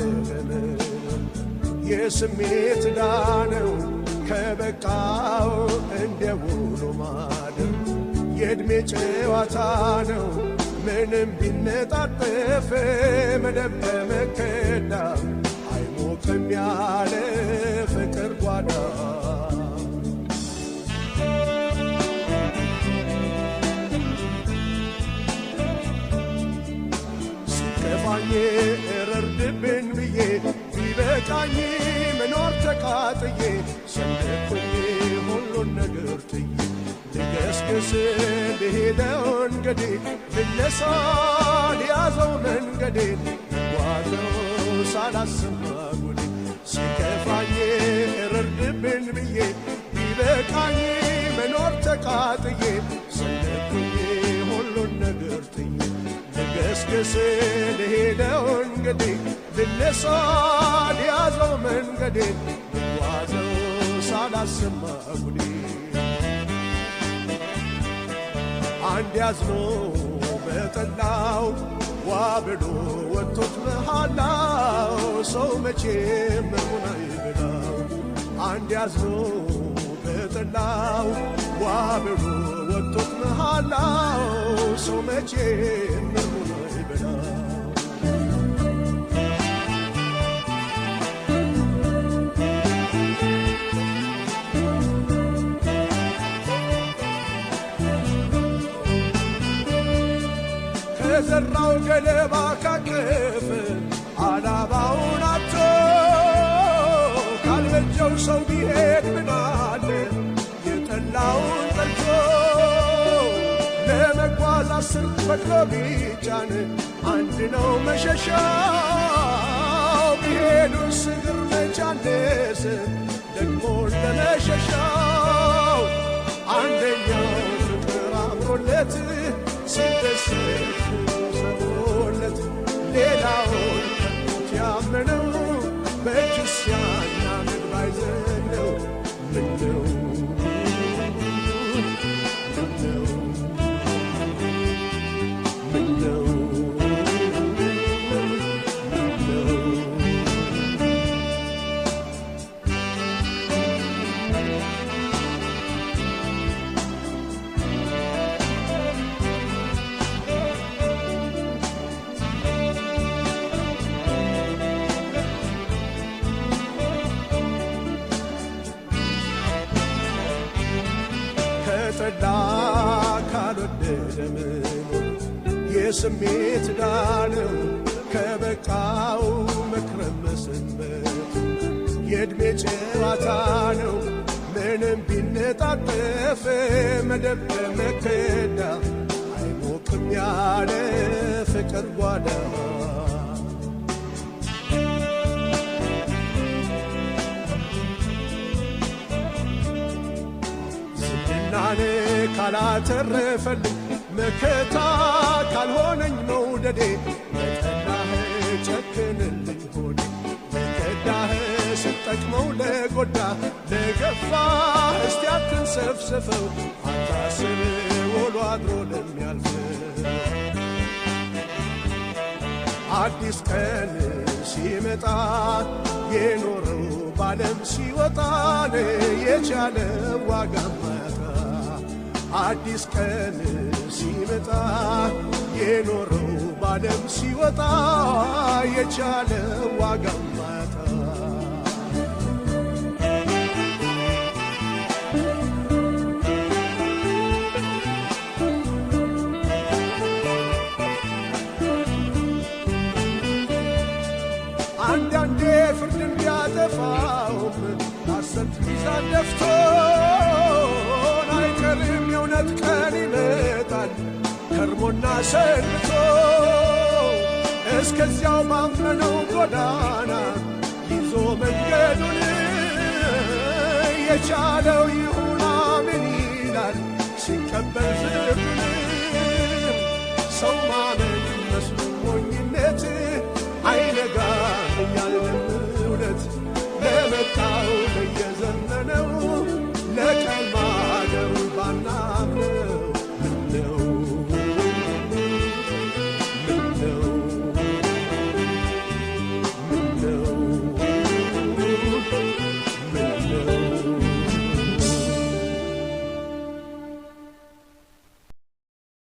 አደረን የስሜት ዳነው ከበቃው እንደ ውሎ ማደር የእድሜ ጨዋታ ነው ምንም ቢነጣጠፍ መደብ በመከዳ አይሞቅም ያለ ፍቅር ጓዳ በላኝ መኖር ተቃጥዬ ሰንደኩኝ ሁሉን ነገር ትዬ ልገስግስ ልሄደው እንገዴ ልነሳ ልያዘው መንገዴ ልጓዘው ሳላስብ ጉዴ ሲከፋኝ እረርድብን ብዬ ቢበቃኝ መኖር ተቃጥዬ ሰንደኩኝ ሁሉን ነገር ትዬ ልገስግስ ልሄደው እንገዴ ልሳን ያዘው መንገዴ ጓዘው ሳላስማ ጉዴ አንድ ያዝኖ በጠላው ዋ ወቶት መሃላው ሰው መቼም መሆን አንድ ያዝኖ በጠላው መሃላው ሰው ጀልባ ካቀፈ አላባውን አቶ ካልበጀው ሰው ቢሄድ ምናለ የጠላውን ጠልቶ ለመጓዝ አስር በቅሎ ቢጫን አንድ ነው መሸሻው ቢሄዱስ እግር መቻለስ ደግሞ ለመሸሻ ከስሜት ዳነው ከበቃው መክረም መሰንበት የዕድሜ ጨዋታ ነው ምንም ቢነጣጠፍ መደብ በመከዳ አይሞቅም ያለ ፍቅር ጓዳ ዝናን ካላተረፈልኝ መከታ ካልሆነኝ መውደዴ በቀናህ ጨክንልኝ ሆዴ ለከዳህ ስጠቅመው ለጎዳ ለገፋ እስቲ አትንሰፍሰፈው አታስብ ውሎ አድሮ ለሚያልፈው አዲስ ቀን ሲመጣ የኖረው ባለም ሲወጣ የቻለ ዋጋ ማያጣ አዲስ ቀን ሲመጣ የኖረው ባለም ሲወጣ የቻለ ዋጋ ማጣ አንዳንዴ ፍርድ እንዲያጠፋው አሰት ሚዛን ደፍቶ የእውቀት ቀን ይመጣል ከርሞና ሰንብቶ እስከዚያው ባፈነው ጎዳና ይዞ መንገዱን የቻለው ይሁን አሜን ይላል ሲቀበል ዝም